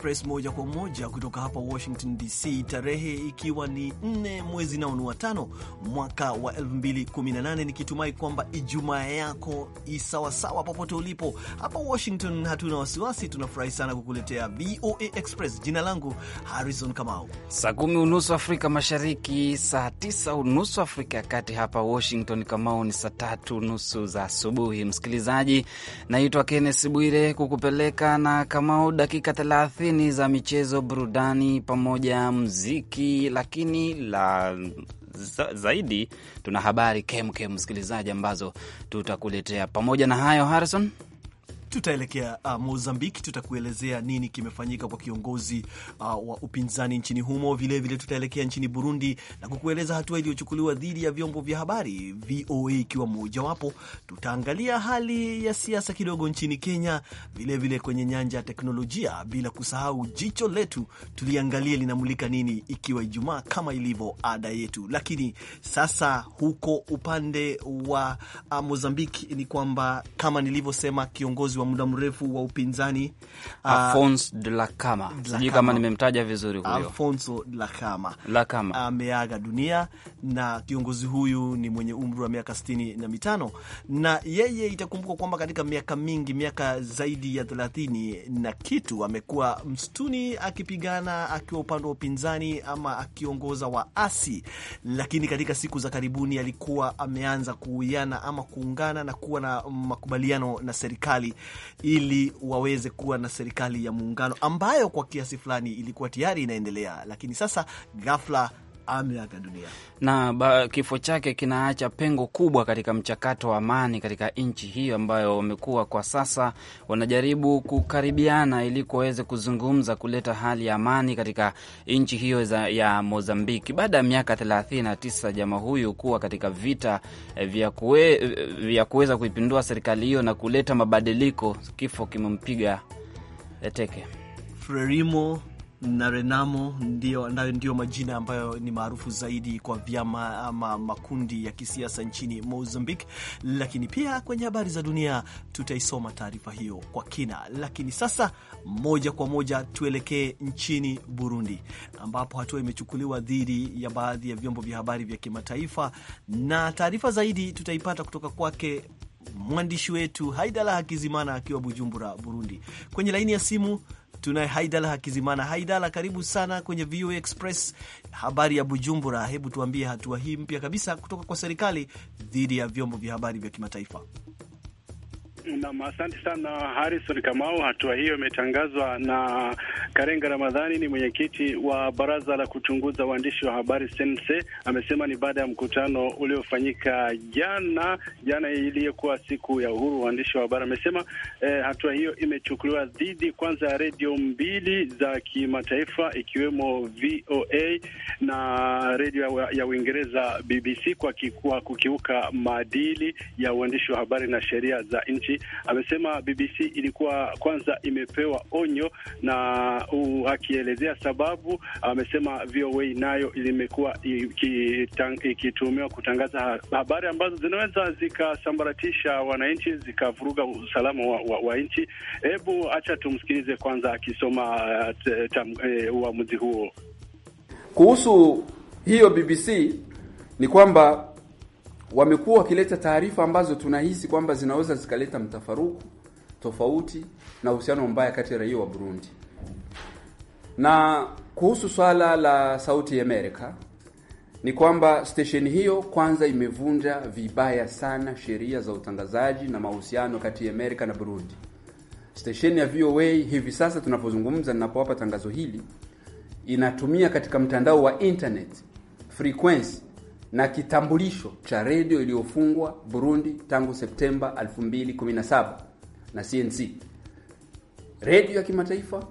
Express moja kwa moja kutoka hapa Washington DC, tarehe ikiwa ni nne mwezi nao ni watano mwaka wa 2018 nikitumai kwamba Ijumaa yako isawasawa popote ulipo. Hapa Washington hatuna wasiwasi, tunafurahi sana kukuletea VOA Express. Jina langu Harrison Kamau. Saa kumi unusu Afrika Mashariki, saa tisa unusu Afrika ya Kati. Hapa Washington Kamau ni saa tatu nusu za asubuhi. Msikilizaji, naitwa Kennes Bwire kukupeleka na Kamau dakika 30 kampeni za michezo, burudani pamoja mziki, lakini la za, zaidi tuna habari kemkem, msikilizaji, ambazo tutakuletea. Pamoja na hayo Harrison Tutaelekea uh, Mozambiki, tutakuelezea nini kimefanyika kwa kiongozi uh, wa upinzani nchini humo. Vilevile tutaelekea nchini Burundi na kukueleza hatua iliyochukuliwa dhidi ya vyombo vya habari, VOA ikiwa mojawapo. Tutaangalia hali ya siasa kidogo nchini Kenya, vilevile vile kwenye nyanja ya teknolojia, bila kusahau jicho letu tuliangalia linamulika nini, ikiwa Ijumaa kama ilivyo ada yetu. Lakini sasa huko upande wa uh, Mozambiki ni kwamba kama nilivyosema kiongozi wa muda mrefu wa upinzani Alphonse Dhlakama, sijui kama nimemtaja vizuri huyo. Dhlakama ameaga dunia, na kiongozi huyu ni mwenye umri wa miaka sitini na mitano, na yeye itakumbuka kwamba katika miaka mingi, miaka zaidi ya thelathini na kitu, amekuwa msituni akipigana akiwa upande wa upinzani ama akiongoza waasi, lakini katika siku za karibuni alikuwa ameanza kuuiana ama kuungana na kuwa na makubaliano na serikali ili waweze kuwa na serikali ya muungano ambayo kwa kiasi fulani ilikuwa tayari inaendelea, lakini sasa ghafla ameaga dunia, na ba, kifo chake kinaacha pengo kubwa katika mchakato wa amani katika nchi hiyo ambayo wamekuwa kwa sasa wanajaribu kukaribiana ili kuweze kuzungumza kuleta hali ya amani katika nchi hiyo za, ya Mozambiki baada ya miaka 39 jamaa huyu kuwa katika vita eh, vya kuweza kuipindua serikali hiyo na kuleta mabadiliko. Kifo kimempiga eh, teke Frelimo na Renamo ndio, ndio majina ambayo ni maarufu zaidi kwa vyama ama makundi ya kisiasa nchini Mozambique. Lakini pia kwenye habari za dunia tutaisoma taarifa hiyo kwa kina, lakini sasa moja kwa moja tuelekee nchini Burundi ambapo hatua imechukuliwa dhidi ya baadhi ya vyombo vya habari vya kimataifa, na taarifa zaidi tutaipata kutoka kwake mwandishi wetu Haidala Hakizimana akiwa Bujumbura, Burundi. Kwenye laini ya simu Tunaye Haidala Hakizimana. Haidala, karibu sana kwenye VOA Express. Habari ya Bujumbura, hebu tuambie hatua hii mpya kabisa kutoka kwa serikali dhidi ya vyombo vya habari vya kimataifa. Nam, asante sana Harrison Kamau. Hatua hiyo imetangazwa na Karenga Ramadhani, ni mwenyekiti wa baraza la kuchunguza waandishi wa habari Sense. Amesema ni baada ya mkutano uliofanyika jana jana iliyokuwa siku ya uhuru waandishi wa habari. Amesema eh, hatua hiyo imechukuliwa dhidi kwanza ya redio mbili za kimataifa ikiwemo VOA na redio ya Uingereza BBC kwa kukiuka maadili ya uandishi wa habari na sheria za nchi amesema BBC ilikuwa kwanza imepewa onyo na uh, akielezea sababu amesema VOA nayo ilimekuwa ikitumiwa kutangaza habari ambazo zinaweza zikasambaratisha wananchi zikavuruga usalama wa, wa, wa nchi. Hebu acha tumsikilize kwanza akisoma e, uamuzi uh, huo kuhusu hiyo BBC ni kwamba wamekuwa wakileta taarifa ambazo tunahisi kwamba zinaweza zikaleta mtafaruku, tofauti na uhusiano mbaya kati ya raia wa Burundi. Na kuhusu swala la Sauti ya Amerika ni kwamba stesheni hiyo kwanza imevunja vibaya sana sheria za utangazaji na mahusiano kati ya Amerika na Burundi. Stesheni ya VOA hivi sasa tunapozungumza, ninapowapa tangazo hili, inatumia katika mtandao wa internet frequency na kitambulisho cha redio iliyofungwa Burundi tangu Septemba 2017 na CNC. Redio ya kimataifa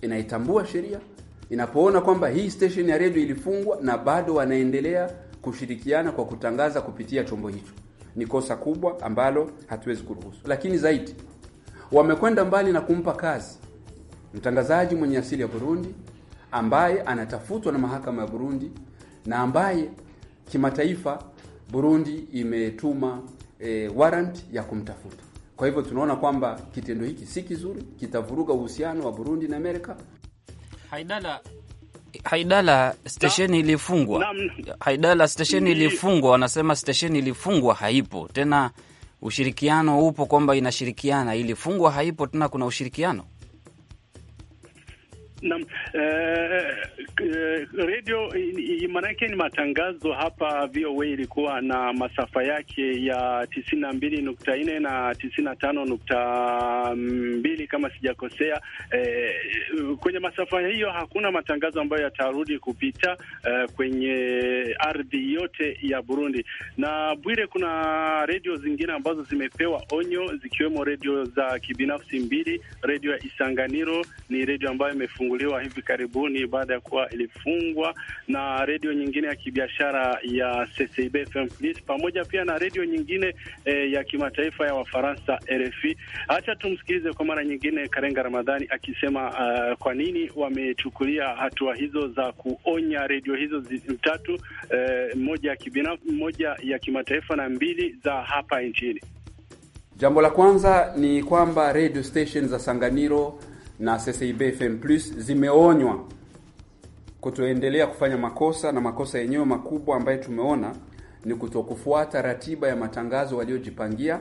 inaitambua sheria, inapoona kwamba hii station ya redio ilifungwa na bado wanaendelea kushirikiana kwa kutangaza kupitia chombo hicho, ni kosa kubwa ambalo hatuwezi kuruhusu. Lakini zaidi wamekwenda mbali na kumpa kazi mtangazaji mwenye asili ya Burundi ambaye anatafutwa na mahakama ya Burundi na ambaye kimataifa Burundi imetuma e, warrant ya kumtafuta. Kwa hivyo tunaona kwamba kitendo hiki si kizuri, kitavuruga uhusiano wa Burundi na Amerika. Haidala, Haidala, stesheni ilifungwa. Haidala, stesheni ilifungwa, wanasema stesheni ilifungwa, haipo tena. Ushirikiano upo kwamba inashirikiana, ilifungwa haipo tena, kuna ushirikiano Naam, uh, eh, eh, redio maanake ni matangazo hapa VOA ilikuwa na masafa yake ya tisini na mbili nukta nne na tisini na tano nukta mbili kama sijakosea. Uh, kwenye masafa hiyo hakuna matangazo ambayo yatarudi kupita uh, kwenye ardhi yote ya Burundi. Na Bwire, kuna redio zingine ambazo zimepewa onyo zikiwemo redio za kibinafsi mbili. Redio ya Isanganiro ni redio ambayo imefungwa itafunguliwa hivi karibuni baada ya kuwa ilifungwa na redio nyingine ya kibiashara ya CCB FM pamoja pia na redio nyingine eh, ya kimataifa ya Wafaransa RFI. Acha tumsikilize kwa mara nyingine Karenga Ramadhani akisema uh, kwa nini wamechukulia hatua hizo za kuonya redio hizo tatu, eh, moja ya kibinafsi, moja ya kimataifa na mbili za hapa nchini. Jambo la kwanza ni kwamba radio station za Sanganiro na CCIB FM Plus zimeonywa kutoendelea kufanya makosa, na makosa yenyewe makubwa ambayo tumeona ni kutokufuata ratiba ya matangazo waliojipangia,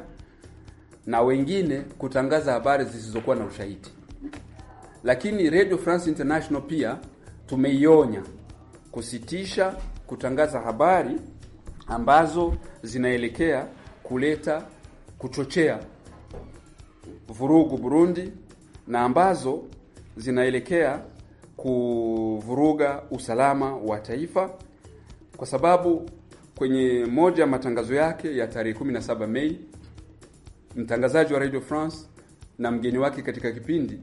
na wengine kutangaza habari zisizokuwa na ushahidi. Lakini Radio France International pia tumeionya kusitisha kutangaza habari ambazo zinaelekea kuleta kuchochea vurugu Burundi na ambazo zinaelekea kuvuruga usalama wa taifa, kwa sababu kwenye moja ya matangazo yake ya tarehe 17 Mei, mtangazaji wa Radio France na mgeni wake katika kipindi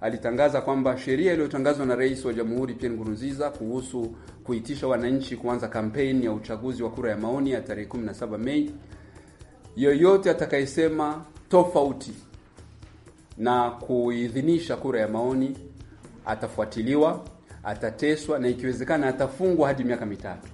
alitangaza kwamba sheria iliyotangazwa na Rais wa Jamhuri Pierre Nkurunziza kuhusu kuitisha wananchi kuanza kampeni ya uchaguzi wa kura ya maoni ya tarehe 17 Mei, yoyote atakayesema tofauti na kuidhinisha kura ya maoni, atafuatiliwa, atateswa na ikiwezekana atafungwa hadi miaka mitatu.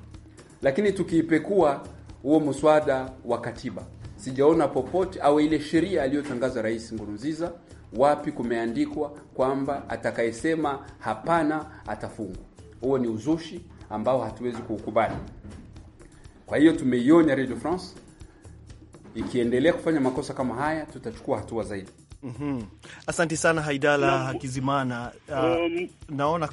Lakini tukiipekua huo mswada wa katiba, sijaona popote au ile sheria aliyotangaza Rais Nkurunziza wapi kumeandikwa kwamba atakayesema hapana atafungwa. Huo ni uzushi ambao hatuwezi kuukubali. Kwa hiyo tumeiona Radio France ikiendelea kufanya makosa kama haya, tutachukua hatua zaidi. Mm -hmm. Asante sana Haidala Hakizimana uh, um, naona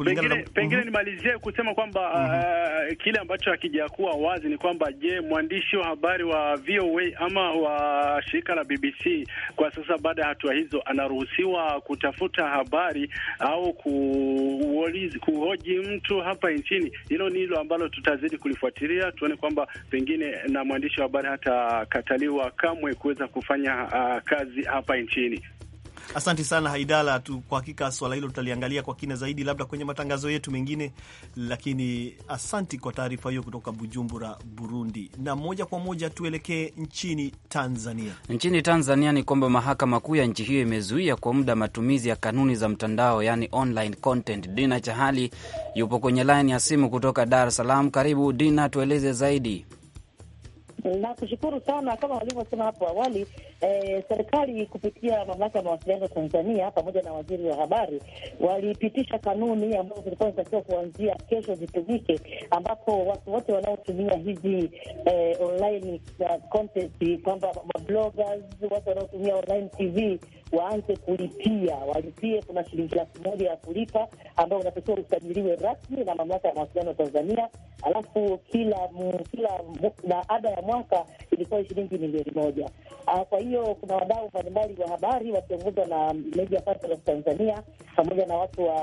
kulingana pengine, na... pengine mhm. nimalizie kusema kwamba mm -hmm. uh, kile ambacho hakijakuwa wazi ni kwamba, je, mwandishi wa habari wa VOA ama wa shirika la BBC kwa sasa baada ya hatua hizo anaruhusiwa kutafuta habari au kuulizi, kuhoji mtu hapa nchini? Hilo ni hilo ambalo tutazidi kulifuatilia tuone kwamba pengine na mwandishi wa habari hatakataliwa kamwe kuweza kufanya uh, kazi hapa nchini. Asante sana Haidala tu, kwa hakika swala hilo tutaliangalia kwa kina zaidi labda kwenye matangazo yetu mengine, lakini asanti kwa taarifa hiyo kutoka Bujumbura, Burundi. Na moja kwa moja tuelekee nchini Tanzania. Nchini Tanzania ni kwamba mahakama kuu ya nchi hiyo imezuia kwa muda matumizi ya kanuni za mtandao, yani online content. Dina Chahali yupo kwenye laini ya simu kutoka Dar es Salaam. Karibu Dina, tueleze zaidi. Nakushukuru sana. Kama walivyosema hapo awali, eh, serikali kupitia mamlaka ya mawasiliano Tanzania pamoja na waziri wa habari walipitisha kanuni ambazo zilikuwa zinatakiwa kuanzia kesho zitumike, ambapo watu wote wanaotumia hizi eh, online uh, content kwamba mabloggers, watu wanaotumia online TV waanze kulipia, walipie. Kuna shilingi laki moja ya kulipa ambayo unatakiwa usajiliwe rasmi na mamlaka ya mawasiliano ya Tanzania, alafu kila kila na ada ya mwaka ilikuwa shilingi milioni moja. Ah, kwa hiyo kuna wadau mbalimbali wa habari wakiongozwa na Media Council of Tanzania pamoja na watu wa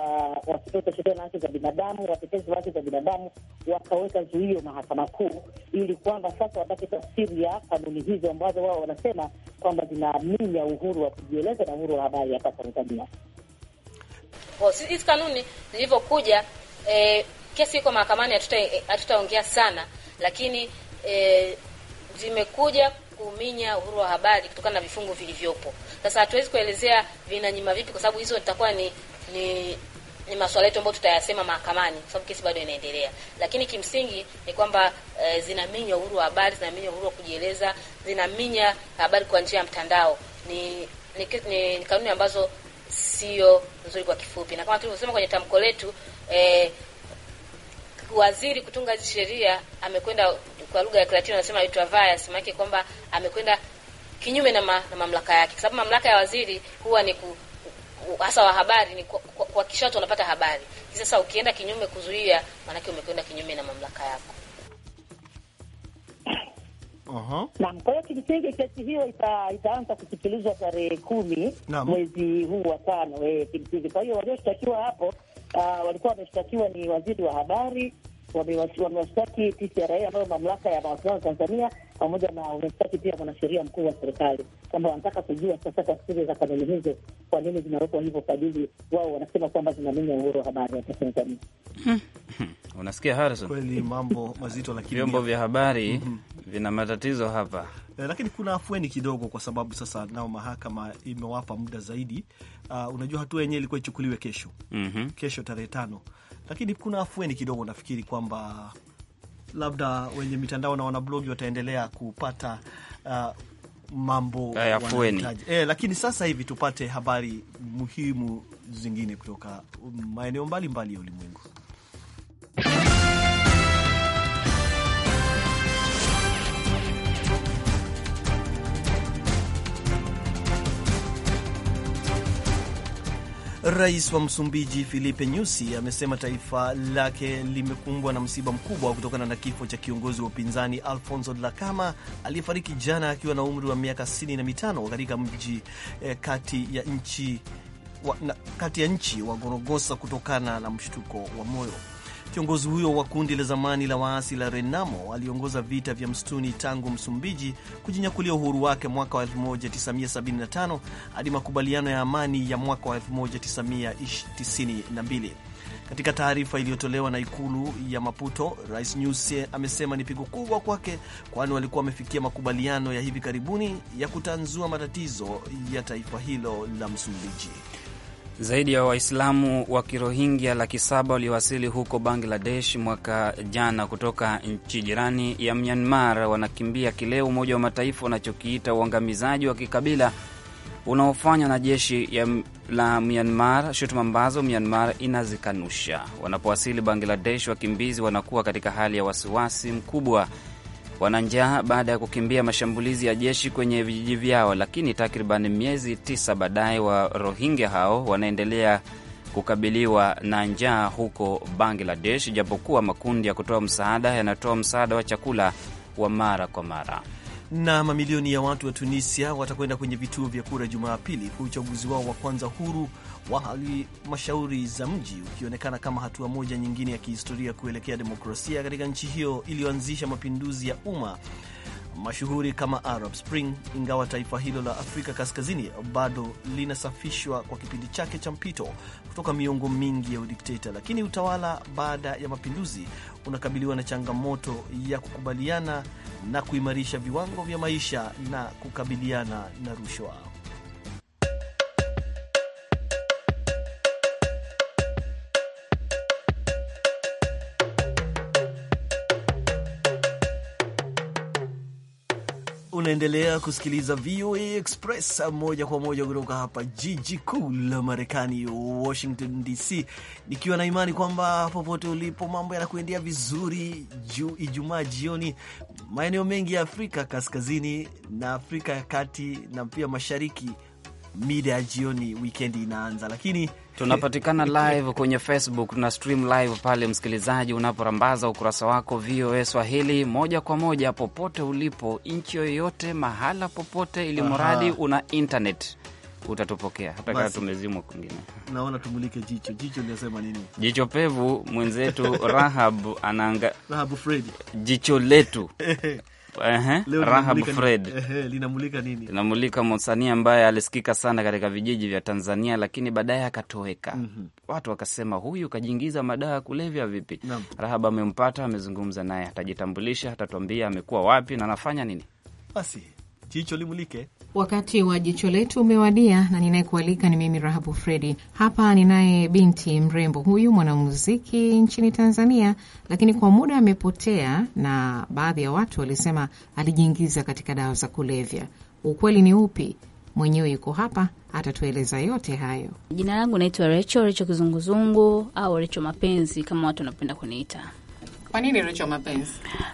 wakiteteza sheria na haki za binadamu, watetezi wa haki za binadamu, wakaweka zuio mahakama kuu, ili kwamba sasa wapate tafsiri ya kanuni hizo ambazo wao wanasema kwamba zinaminya uhuru wa kujieleza uwazi na uhuru wa habari hapa Tanzania. Hizi kanuni zilivyokuja, eh, kesi iko mahakamani, eh, hatutaongea sana, lakini eh, zimekuja kuminya uhuru wa habari kutokana na vifungu vilivyopo. Sasa hatuwezi kuelezea vinanyima vipi, kwa sababu hizo zitakuwa ni ni ni masuala yetu ambayo tutayasema mahakamani, kwa sababu kesi bado inaendelea. Lakini kimsingi ni kwamba e, zinaminya uhuru wa habari, zinaminya uhuru wa kujieleza, zinaminya habari kwa njia ya mtandao. Ni ni, ni, ni kanuni ambazo sio nzuri kwa kifupi, na kama tulivyosema kwenye tamko letu eh, waziri kutunga hizi sheria amekwenda kwa lugha ya Kilatini anasema ultra maana kwamba amekwenda kinyume na, ma, na mamlaka yake, kwa sababu mamlaka ya waziri huwa ni ku, hasa wa habari ni kuhakikisha watu wanapata habari. Sasa ukienda kinyume kuzuia, maanake umekwenda kinyume na mamlaka yako. Naam, Kwa hiyo kimsingi kesi hiyo itaanza kusikilizwa tarehe kumi mwezi huu wa tano, eh, kimsingi. Kwa hiyo walioshtakiwa hapo uh, walikuwa wameshtakiwa ni waziri wa habari wamewashtaki TCRA ambayo mamlaka ya mawasiliano Tanzania, pamoja na wameshtaki pia mwanasheria mkuu wa serikali kwamba wanataka kujua sasa tafsiri za kanuni hizo, kwa nini zinawekwa hivyo, kwa ajili wao wanasema kwamba zinaminya uhuru wa habari hapa Tanzania. Hmm. Hmm. Unasikia Harrison, kweli mambo mazito, lakini vyombo vya habari hmm. vina matatizo hapa. Eh, lakini kuna afueni kidogo, kwa sababu sasa nao mahakama imewapa muda zaidi. Uh, unajua hatua yenyewe ilikuwa ichukuliwe kesho mm -hmm. kesho tarehe tano, lakini kuna afueni kidogo. Nafikiri kwamba labda wenye mitandao na wanablogi wataendelea kupata uh, mambo e, lakini sasa hivi tupate habari muhimu zingine kutoka maeneo mbalimbali ya ulimwengu. Rais wa Msumbiji Filipe Nyusi amesema taifa lake limekumbwa na msiba mkubwa kutokana na kifo cha kiongozi wa upinzani Alfonso Dhlakama aliyefariki jana akiwa na umri wa miaka 65 katika mji eh, kati ya nchi wa, na, kati ya nchi wa Gorogosa kutokana na mshtuko wa moyo. Kiongozi huyo wa kundi la zamani la waasi la Renamo aliongoza vita vya msituni tangu Msumbiji kujinyakulia uhuru wake mwaka wa 1975 hadi makubaliano ya amani ya mwaka wa 1992. Katika taarifa iliyotolewa na ikulu ya Maputo, Rais Nyusi amesema ni pigo kubwa kwake, kwani walikuwa wamefikia makubaliano ya hivi karibuni ya kutanzua matatizo ya taifa hilo la Msumbiji. Zaidi ya Waislamu wa Kirohingya laki saba waliowasili huko Bangladesh mwaka jana kutoka nchi jirani ya Myanmar wanakimbia kile Umoja wa Mataifa unachokiita uangamizaji wa kikabila unaofanywa na jeshi ya la Myanmar, shutuma ambazo Myanmar inazikanusha. Wanapowasili Bangladesh, wakimbizi wanakuwa katika hali ya wasiwasi mkubwa wana njaa baada ya kukimbia mashambulizi ya jeshi kwenye vijiji vyao, lakini takriban miezi tisa baadaye wa Rohingya hao wanaendelea kukabiliwa na njaa huko Bangladesh, japokuwa makundi ya kutoa msaada yanatoa msaada wa chakula wa mara kwa mara na mamilioni ya watu wa Tunisia watakwenda kwenye vituo vya kura Jumapili kwa uchaguzi wao wa kwanza huru wa halmashauri za mji, ukionekana kama hatua moja nyingine ya kihistoria kuelekea demokrasia katika nchi hiyo iliyoanzisha mapinduzi ya umma mashuhuri kama Arab Spring, ingawa taifa hilo la Afrika Kaskazini bado linasafishwa kwa kipindi chake cha mpito kutoka miongo mingi ya udikteta. Lakini utawala baada ya mapinduzi unakabiliwa na changamoto ya kukubaliana na kuimarisha viwango vya maisha na kukabiliana na rushwa. Unaendelea kusikiliza VOA Express moja kwa moja kutoka hapa jiji kuu la Marekani, Washington DC, nikiwa na imani kwamba popote ulipo mambo yanakuendea vizuri juu Ijumaa jioni. Maeneo mengi ya Afrika kaskazini na Afrika ya kati na pia mashariki, mida ya jioni, wikendi inaanza, lakini Tunapatikana live kwenye Facebook, tuna stream live pale, msikilizaji, unaporambaza ukurasa wako VOA Swahili moja kwa moja popote ulipo, nchi yoyote, mahala popote, ili mradi una internet utatupokea hata kama tumezimwa kwingine. Naona tumulike jicho jicho, linasema nini? Jicho pevu mwenzetu Rahab anaanga jicho letu Rahab Fred linamulika nini? Linamulika msanii ambaye alisikika sana katika vijiji vya Tanzania, lakini baadaye akatoweka. mm -hmm. Watu wakasema huyu kajiingiza madawa ya kulevya vipi? Naam. Rahab amempata, amezungumza naye, atajitambulisha, atatwambia amekuwa wapi na anafanya nini. Basi jicho limulike. Wakati wa jicho letu umewadia, na ninayekualika ni mimi Rahabu Fredi. Hapa ninaye binti mrembo huyu, mwanamuziki nchini Tanzania, lakini kwa muda amepotea, na baadhi ya watu walisema alijiingiza katika dawa za kulevya. Ukweli ni upi? Mwenyewe yuko hapa atatueleza yote hayo. Jina langu naitwa Recho, Recho Kizunguzungu au Recho Mapenzi kama watu wanapenda kuniita. Kwa nini Richo mapenzi?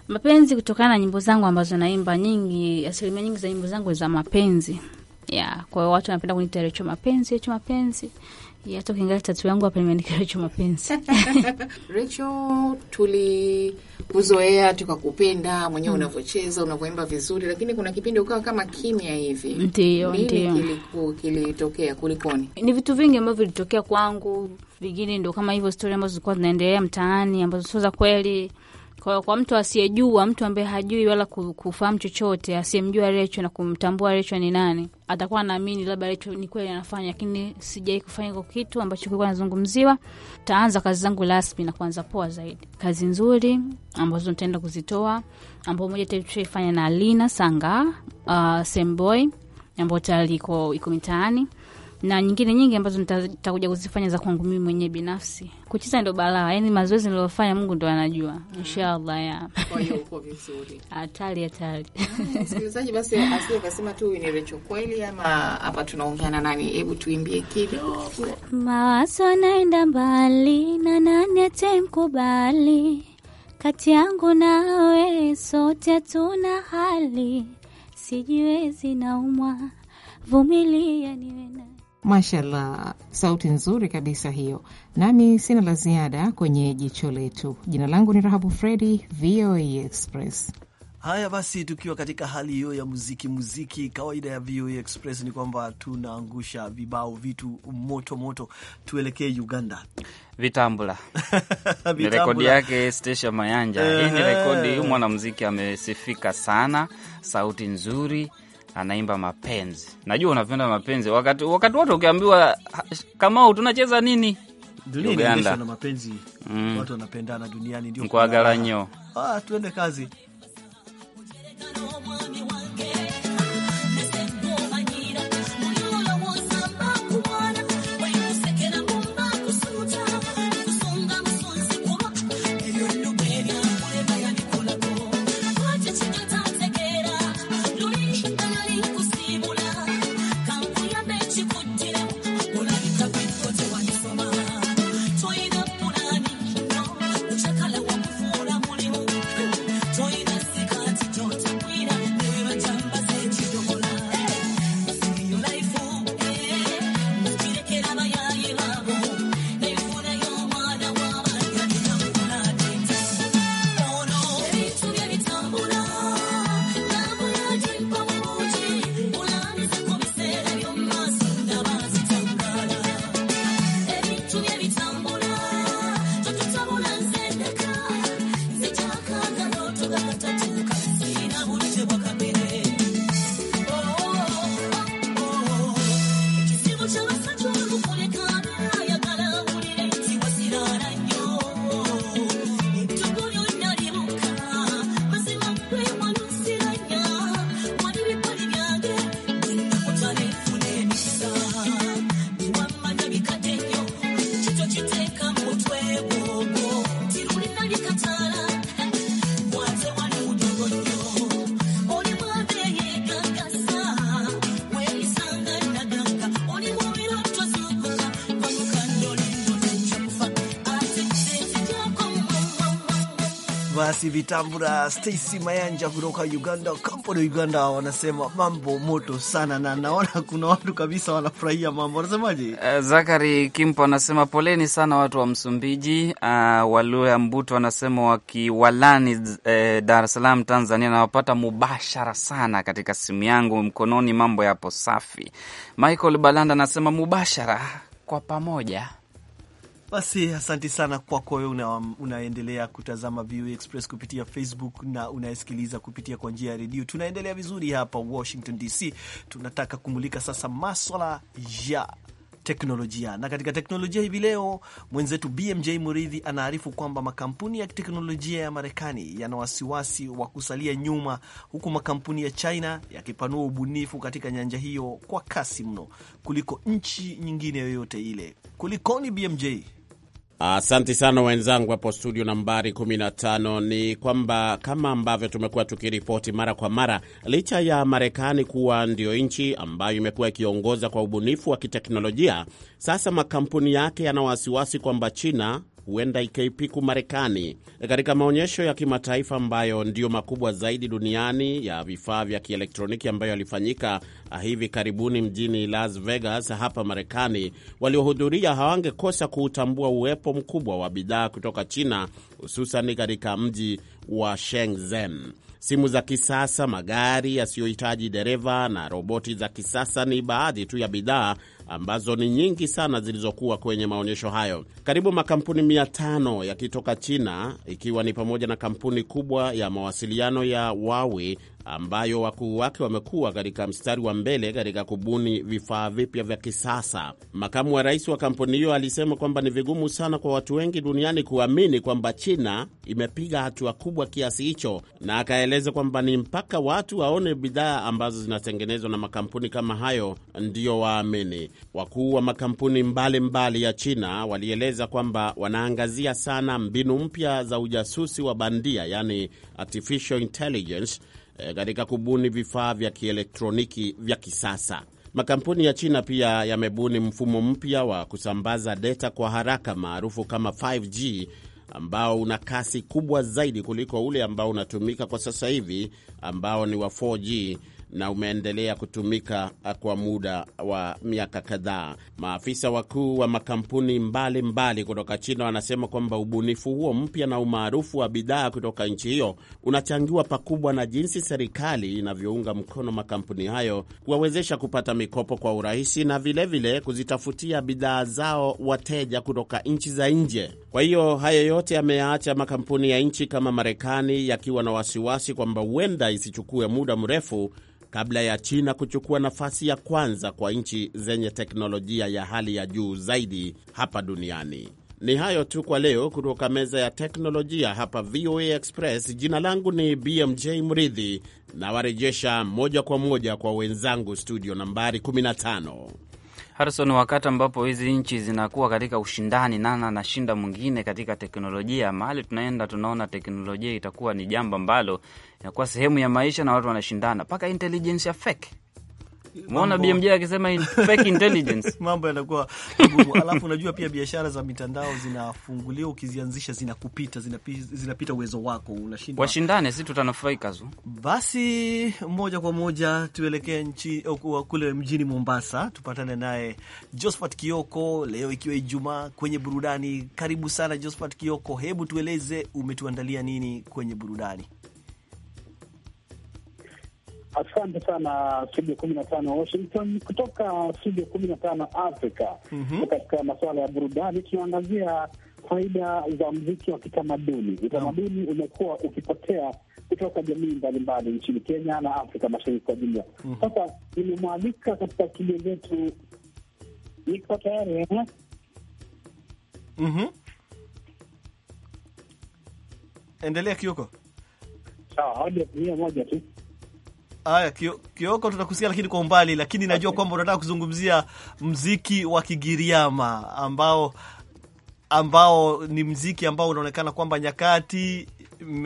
Mapenzi kutokana na nyimbo zangu ambazo naimba nyingi, asilimia nyingi za nyimbo zangu za mapenzi. Yeah, kwa hiyo watu wanapenda kuniita Richo mapenzi, Richo mapenzi hata ukiangalia tatu yangu hapa nimeandika Recho Mapenzi. Recho, tulikuzoea tukakupenda mwenyewe, mm. unavyocheza unavyoimba vizuri, lakini kuna kipindi ukawa kama kimya hivi. Ndio, ndio kilitokea, kulikoni? Ni vitu vingi ambavyo vilitokea kwangu, vingine ndo kama hivyo stori ambazo zilikuwa zinaendelea mtaani ambazo sio za kweli kwa kwa mtu asiyejua, mtu ambaye hajui wala kufahamu chochote, asiyemjua Recho na kumtambua Recho ni nani, atakuwa anaamini labda Recho ni kweli anafanya, lakini sijai kufanya hiko kitu ambacho kilikuwa nazungumziwa. Taanza kazi zangu rasmi na kuanza poa zaidi, kazi nzuri ambazo ntaenda kuzitoa, ambao moja tutaifanya na Alina Sanga uh, Semboy ambao tayari iko mitaani na nyingine nyingi ambazo nitakuja kuzifanya za kwangu mimi mwenyewe binafsi. Kucheza ndo balaa, yani mazoezi niliyofanya Mungu ndo anajua. Mm. Inshallah ya hatari hatari. Mm, msikilizaji, basi asije kasema tu ni Recho kweli ama hapa na nani? Hebu tuimbie kidogo. Mawazo yanaenda mbali na nani atemkubali, kati yangu nawe sote tuna hali, sijiwezi naumwa, vumilia niwe na Mashallah, sauti nzuri kabisa hiyo. Nami sina la ziada kwenye jicho letu. Jina langu ni Rahabu Fredi, VOA Express. Haya basi, tukiwa katika hali hiyo ya muziki muziki, kawaida ya VOA Express ni kwamba tunaangusha vibao vitu moto moto. Tuelekee Uganda, Vitambula ni rekodi yake Stesha Mayanja. Hii ni rekodi, huyu mwanamuziki amesifika sana, sauti nzuri anaimba mapenzi. Najua unapenda mapenzi. Wakati wakati wote ukiambiwa kama tunacheza nini? Uganda na mapenzi mm. Watu wanapendana duniani, ndio mkwagaranyo. Ah, tuende kazi basi vitambura Stacy Mayanja kutoka Uganda, ya Uganda, wanasema mambo moto sana, na naona kuna watu kabisa wanafurahia mambo. Wanasemaje? Uh, eh, Zakari Kimpo anasema poleni sana watu wa Msumbiji. Uh, Waluya Mbuto anasema wakiwalani eh, Dar es Salaam Tanzania, nawapata mubashara sana katika simu yangu mkononi, mambo yapo safi. Michael Balanda anasema mubashara kwa pamoja basi asante sana kwako wewe una, unaendelea kutazama VOA e Express kupitia Facebook na unayesikiliza kupitia kwa njia ya redio. Tunaendelea vizuri hapa Washington DC. Tunataka kumulika sasa maswala ya teknolojia na katika teknolojia hivi leo mwenzetu BMJ Muridhi anaarifu kwamba makampuni ya teknolojia ya Marekani yana wasiwasi wa kusalia nyuma, huku makampuni ya China yakipanua ubunifu katika nyanja hiyo kwa kasi mno kuliko nchi nyingine yoyote ile. Kulikoni BMJ? Asante sana wenzangu hapo studio nambari 15. Ni kwamba kama ambavyo tumekuwa tukiripoti mara kwa mara, licha ya Marekani kuwa ndio nchi ambayo imekuwa ikiongoza kwa ubunifu wa kiteknolojia, sasa makampuni yake yana wasiwasi kwamba China huenda ikaipiku Marekani katika maonyesho ya kimataifa ambayo ndiyo makubwa zaidi duniani ya vifaa vya kielektroniki ambayo yalifanyika Ah, hivi karibuni mjini Las Vegas hapa Marekani, waliohudhuria hawangekosa kuutambua uwepo mkubwa wa bidhaa kutoka China, hususan katika mji wa Shenzhen. Simu za kisasa, magari yasiyohitaji dereva na roboti za kisasa ni baadhi tu ya bidhaa ambazo ni nyingi sana zilizokuwa kwenye maonyesho hayo. Karibu makampuni mia yakitoka China, ikiwa ni pamoja na kampuni kubwa ya mawasiliano ya Huawei ambayo wakuu wake wamekuwa katika mstari wa mbele katika kubuni vifaa vipya vya kisasa. Makamu wa rais wa kampuni hiyo alisema kwamba ni vigumu sana kwa watu wengi duniani kuamini kwamba China imepiga hatua kubwa kiasi hicho, na akaeleza kwamba ni mpaka watu waone bidhaa ambazo zinatengenezwa na makampuni kama hayo ndiyo waamini. Wakuu wa makampuni mbalimbali mbali ya China walieleza kwamba wanaangazia sana mbinu mpya za ujasusi wa bandia, yani artificial intelligence Eh, katika kubuni vifaa vya kielektroniki vya kisasa. Makampuni ya China pia yamebuni mfumo mpya wa kusambaza deta kwa haraka maarufu kama 5G ambao una kasi kubwa zaidi kuliko ule ambao unatumika kwa sasa hivi ambao ni wa 4G na umeendelea kutumika kwa muda wa miaka kadhaa. Maafisa wakuu wa makampuni mbalimbali mbali kutoka China wanasema kwamba ubunifu huo mpya na umaarufu wa bidhaa kutoka nchi hiyo unachangiwa pakubwa na jinsi serikali inavyounga mkono makampuni hayo kuwawezesha kupata mikopo kwa urahisi na vilevile vile kuzitafutia bidhaa zao wateja kutoka nchi za nje. Kwa hiyo hayo yote yameyaacha makampuni ya nchi kama Marekani yakiwa na wasiwasi kwamba huenda isichukue muda mrefu kabla ya China kuchukua nafasi ya kwanza kwa nchi zenye teknolojia ya hali ya juu zaidi hapa duniani. Ni hayo tu kwa leo kutoka meza ya teknolojia hapa VOA Express. Jina langu ni BMJ Mridhi, nawarejesha moja kwa moja kwa wenzangu studio nambari 15. Harison, wakati ambapo hizi nchi zinakuwa katika ushindani, nana anashinda mwingine katika teknolojia, mahali tunaenda tunaona teknolojia itakuwa ni jambo ambalo inakuwa sehemu ya maisha na watu wanashindana mpaka ya fake Umeona BMJ akisema fake intelligence mambo yanakuwa magumu. Alafu unajua pia biashara za mitandao zinafunguliwa, ukizianzisha zinakupita, zinapita uwezo wako, unashinda. Washindane, si tutanafaika tu. Basi moja kwa moja tuelekee nchi kule mjini Mombasa, tupatane naye Josephat Kioko leo ikiwa Ijumaa kwenye burudani. Karibu sana Josephat Kioko, hebu tueleze umetuandalia nini kwenye burudani? Asante sana studio kumi na tano Washington, kutoka studio kumi na tano Africa. mm -hmm. Katika masuala ya burudani tunaangazia faida za mziki wa kitamaduni. Utamaduni mm -hmm. umekuwa ukipotea kutoka jamii mbalimbali nchini Kenya na Afrika Mashariki kwa jumla. Mhm. Sasa mm -hmm. nimemwalika katika studio zetu, niko tayari mm -hmm. Endelea Kioko. Sawa, hoja moja tu Haya, Kioko, tutakusikia lakini kwa umbali, lakini najua okay, kwamba unataka kuzungumzia mziki wa Kigiriama ambao ambao ni mziki ambao unaonekana kwamba nyakati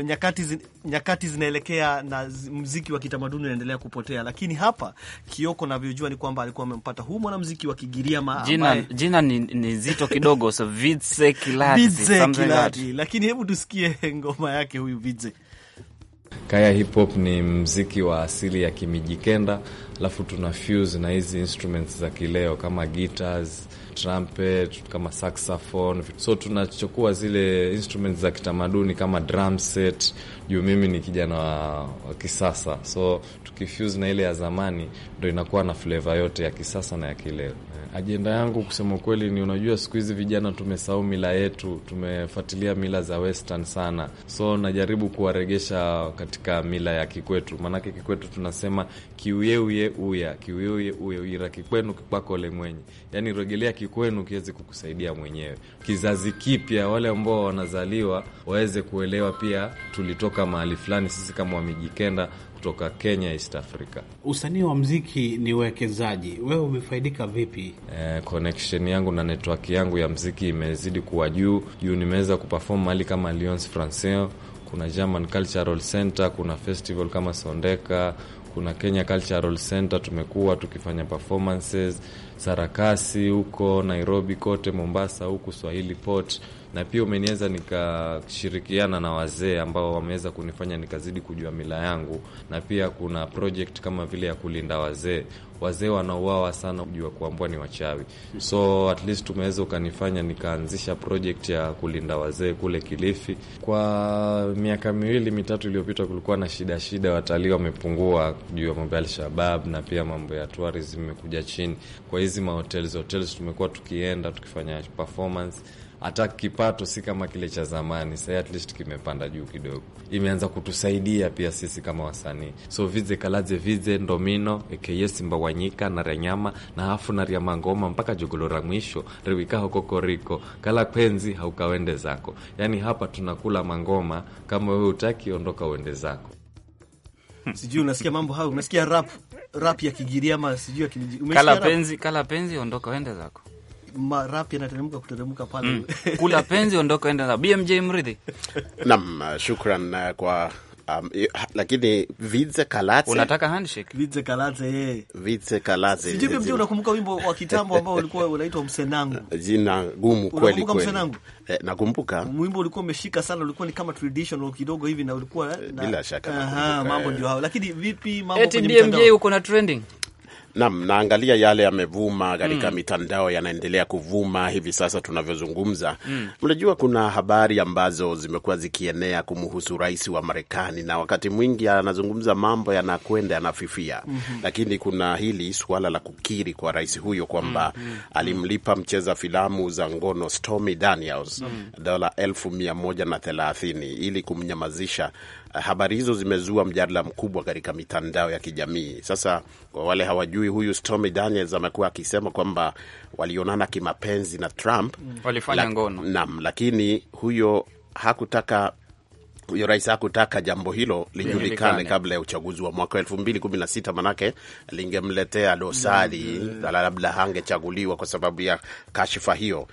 nyakati zin, nyakati zinaelekea na mziki wa kitamaduni unaendelea kupotea, lakini hapa Kioko navyojua ni kwamba alikuwa amempata huu mwanamziki wa Kigiriama jina, ambaye... jina ni, ni zito kidogo so Vidze Kilati, Vidze Lakini hebu tusikie ngoma yake huyu Vidze Kaya hip hop ni mziki wa asili ya Kimijikenda, alafu tuna fuse na hizi instruments za kileo kama guitars trumpet, kama saxophone, so tunachukua zile instruments za kitamaduni kama drum set, juu mimi ni kijana wa, wa kisasa, so tukifuse na ile ya zamani ndo inakuwa na flavor yote ya kisasa na ya kileo. Ajenda yangu kusema ukweli ni unajua, siku hizi vijana tumesahau mila yetu, tumefuatilia mila za western sana, so najaribu kuwaregesha katika mila ya kikwetu, maanake kikwetu tunasema kiuyeuye uya kiuyeuye uya uira kikwenu kikwako mwenye, yani regelea ki urafiki kwenu kiweze kukusaidia mwenyewe, kizazi kipya, wale ambao wanazaliwa waweze kuelewa pia tulitoka mahali fulani, sisi kama Wamijikenda kutoka Kenya, East Africa. Usanii wa mziki ni uwekezaji, wewe umefaidika vipi? Eh, connection yangu na network yangu ya mziki imezidi kuwa juu juu, nimeweza kuperform mahali kama Alliance Francais, kuna German Cultural Center, kuna festival kama Sondeka, kuna Kenya Cultural Center. Tumekuwa tukifanya performances Sarakasi huko Nairobi kote, Mombasa huku Swahili Port, na pia umeniweza nikashirikiana na wazee ambao wameweza kunifanya nikazidi kujua mila yangu, na pia kuna project kama vile ya kulinda wazee. Wazee wanauawa sana, kujua kuambua ni wachawi, so at least umeweza ukanifanya nikaanzisha project ya kulinda wazee kule Kilifi. Kwa miaka miwili mitatu iliyopita, kulikuwa na shida shida, watalii wamepungua juu ya mambo ya Alshabab na pia mambo ya tourism imekuja chini kwa hizi mahoteli hoteli tumekuwa tukienda tukifanya performance hata kipato si kama kile cha zamani, sai at least kimepanda juu kidogo, imeanza kutusaidia pia sisi kama wasanii. So vize kalaze vize ndomino ekeye simba wanyika na ranyama na hafu na ria mangoma mpaka jogolo ra mwisho riwika huko koriko kala kwenzi haukawende zako. Yani hapa tunakula mangoma, kama wewe utaki ondoka uende zako. Sijui unasikia mambo hayo, unasikia rap rap ya Kigiri ama sijui ya Kiliji. Kala penzi, kala penzi, ondoka wende zako. Mm. Kula penzi, ondoka wende na BMJ Mridhi. Naam, shukran eh, kwa Um, lakini Vince Kalatze unataka handshake. Vince Kalatze yeye, eh. Vince Kalatze sijui mje, unakumbuka wimbo wa kitambo ambao ulikuwa unaitwa Msenangu? Jina gumu kweli kweli, Msenangu eh, nakumbuka wimbo ulikuwa umeshika sana, ulikuwa ni kama traditional kidogo hivi na ulikuwa eh, na, bila shaka, aha, mambo eh. ndio hayo. Lakini vipi mambo kwenye mtandao, eti BMJ uko na trending Naam, naangalia yale yamevuma katika mm. mitandao yanaendelea kuvuma hivi sasa tunavyozungumza. Mm. Mnajua mm. kuna habari ambazo zimekuwa zikienea kumhusu rais wa Marekani, na wakati mwingi anazungumza mambo yanakwenda yanafifia mm -hmm. Lakini kuna hili suala la kukiri kwa rais huyo kwamba mm -hmm. alimlipa mcheza filamu za ngono Stormy Daniels mm -hmm. dola elfu mia moja na thelathini ili kumnyamazisha Eh, habari hizo zimezua mjadala mkubwa katika mitandao ya kijamii. Sasa kwa wale hawajui, huyu Stormy Daniels amekuwa akisema kwamba walionana kimapenzi na Trump, mm. walifanya la, ngono naam, lakini huyo hakutaka huyo rais hakutaka jambo hilo lijulikane kabla ya uchaguzi wa mwaka elfu mbili kumi na sita manake lingemletea dosari, mm. labda hangechaguliwa kwa sababu ya kashifa hiyo.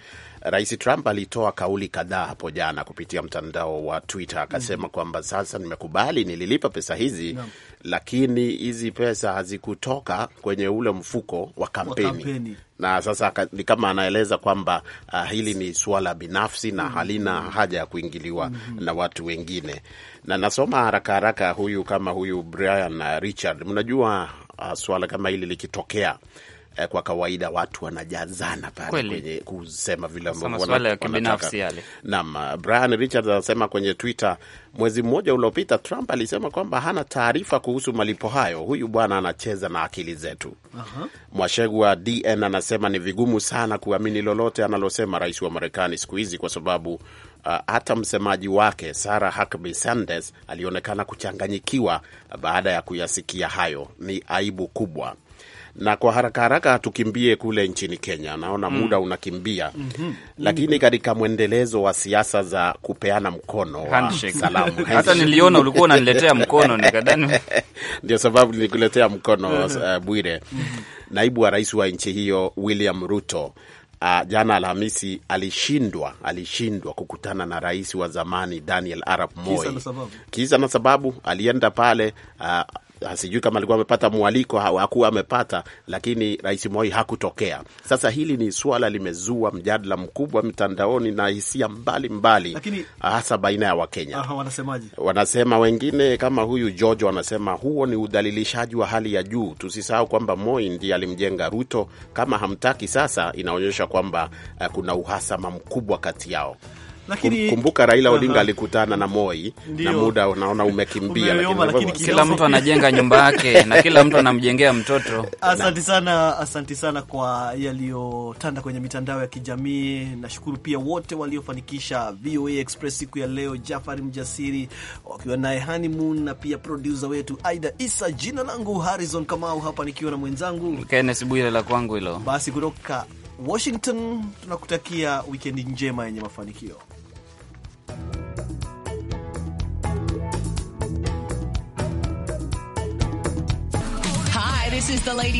Rais Trump alitoa kauli kadhaa hapo jana kupitia mtandao wa Twitter akasema mm -hmm. kwamba sasa nimekubali, nililipa pesa hizi yeah. lakini hizi pesa hazikutoka kwenye ule mfuko wa kampeni, na sasa ni kama anaeleza kwamba uh, hili ni suala binafsi na mm-hmm. halina haja ya kuingiliwa mm -hmm. na watu wengine. Na nasoma haraka haraka huyu kama huyu Brian ah, Richard, mnajua uh, ah, suala kama hili likitokea eh, kwa kawaida watu wanajazana pale kwenye kusema vile Naam, Brian Richards anasema kwenye Twitter, mwezi mmoja uliopita Trump alisema kwamba hana taarifa kuhusu malipo hayo. Huyu bwana anacheza na akili zetu. Aha. Mwashegu wa DN anasema ni vigumu sana kuamini lolote analosema rais wa Marekani siku hizi kwa sababu Uh, hata msemaji wake Sarah Huckabee Sanders alionekana kuchanganyikiwa baada ya kuyasikia hayo. Ni aibu kubwa na kwa haraka haraka tukimbie kule nchini Kenya, naona mm. muda unakimbia mm -hmm. Lakini katika mwendelezo wa siasa za kupeana mkono wa salamu hata niliona ulikuwa unaniletea mkono nikadhani ndio sababu nilikuletea mkono uh, Bwire mm-hmm. naibu wa rais wa nchi hiyo William Ruto Uh, jana Alhamisi alishindwa alishindwa kukutana na rais wa zamani Daniel Arap Moi. Kisa na sababu, kisa na sababu alienda pale uh, Ah, sijui kama alikuwa amepata mwaliko, hakuwa amepata, lakini Rais Moi hakutokea. Sasa hili ni swala limezua mjadala mkubwa mitandaoni na hisia mbalimbali, ah, hasa baina ya Wakenya. Aha, wanasemaje? Wanasema wengine kama huyu George, wanasema huo ni udhalilishaji wa hali ya juu. Tusisahau kwamba Moi ndiye alimjenga Ruto. Kama hamtaki sasa, inaonyesha kwamba uh, kuna uhasama mkubwa kati yao. Lakini kumbuka Raila Odinga alikutana na Moi ndiyo, na muda unaona umekimbia, lakini kila mtu anajenga nyumba yake na kila mtu anamjengea mtoto. Asante sana, asante sana kwa yaliyotanda kwenye mitandao ya kijamii. Nashukuru pia wote waliofanikisha VOA Express siku ya leo, Jafari Mjasiri wakiwa naye Honeymoon na pia producer wetu Aida Isa. Jina langu Harrison Kamau, hapa nikiwa na mwenzangu Kenneth Bwire, la kwangu hilo. Basi kutoka Washington tunakutakia wikendi njema yenye mafanikio. Hi, this is the lady.